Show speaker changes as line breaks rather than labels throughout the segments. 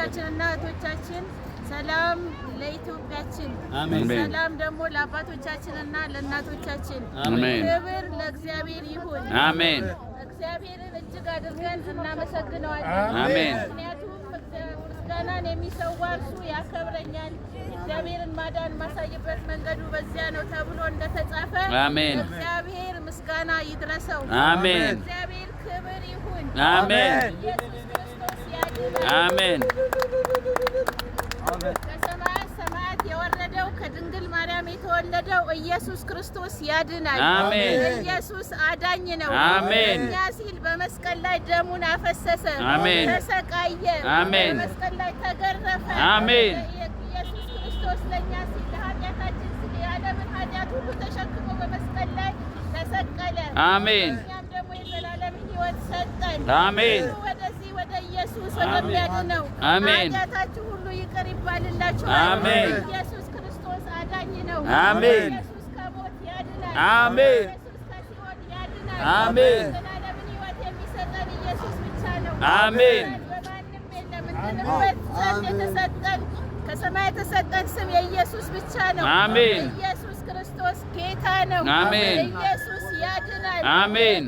ወንድሞቻችንና እህቶቻችን ሰላም ለኢትዮጵያችን፣ ሰላም ደግሞ ለአባቶቻችንና ለእናቶቻችን። ክብር ለእግዚአብሔር ይሁን። አሜን። እግዚአብሔርን እጅግ አድርገን እናመሰግነዋለን። አሜን። ምክንያቱም ምስጋናን የሚሰዋ እርሱ ያከብረኛል። እግዚአብሔርን ማዳን ማሳይበት መንገዱ በዚያ ነው ተብሎ እንደተጻፈ አሜን። እግዚአብሔር ምስጋና ይድረሰው። አሜን። እግዚአብሔር ክብር ይሁን።
አሜን።
አሜን። ከሰማያት ሰማያት የወረደው ከድንግል ማርያም የተወለደው ኢየሱስ ክርስቶስ ያድናል። አሜን። ኢየሱስ አዳኝ ነው። አሜን። እኛ ሲል በመስቀል ላይ ደሙን አፈሰሰ። አሜን። ተሰቃየ። አሜን። በመስቀል ላይ ተገረፈ። አሜን። ኢየሱስ ክርስቶስ ለእኛ ሲል ለኃጢአታችን ሲል የዓለምን ኃጢአት ሁሉ ተሸክሞ በመስቀል ላይ ተሰቀለ። አሜን። እኛም ደግሞ የዘላለምን ሕይወት ሰጠን። አሜን። ኢየሱስ ወደሚያድ ነው። አሜን። ኃጢአታችሁ ሁሉ ይቅር ይባልላችኋል። አሜን። ኢየሱስ ክርስቶስ አዳኝ ነው። አሜን። ኢየሱስ ከሞት ያድናል።
አሜን። አሜን።
ዘላለምን ሕይወት የሚሰጠን ኢየሱስ ብቻ ነው። አሜን። የተሰጠን ከሰማይ የተሰጠን ስም የኢየሱስ ብቻ ነው። አሜን። ኢየሱስ ክርስቶስ ጌታ ነው። አሜን። ኢየሱስ ያድናል። አሜን።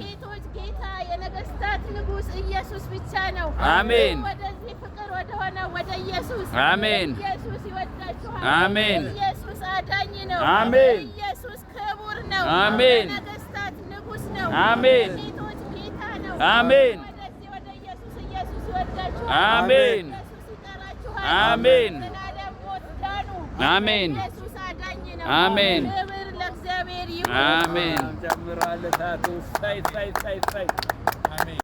የመንግስታት ንጉሥ ኢየሱስ ብቻ ነው። አሜን። ወደዚህ ፍቅር ወደሆነ ወደ ኢየሱስ። አሜን። ኢየሱስ ይወዳችኋል። አሜን። ኢየሱስ አዳኝ ነው። አሜን። ኢየሱስ ክቡር ነው። አሜን። የነገስታት ንጉሥ ነው። አሜን። ሴቶች ጌታ ነው። አሜን። ወደዚህ ወደ ኢየሱስ። ኢየሱስ ይወዳችኋል።
አሜን።
ኢየሱስ ይጠራችኋል። አሜን። ዘላለም ሞት ዳኑ። አሜን። ኢየሱስ አዳኝ ነው። አሜን። አሜን።
I mean.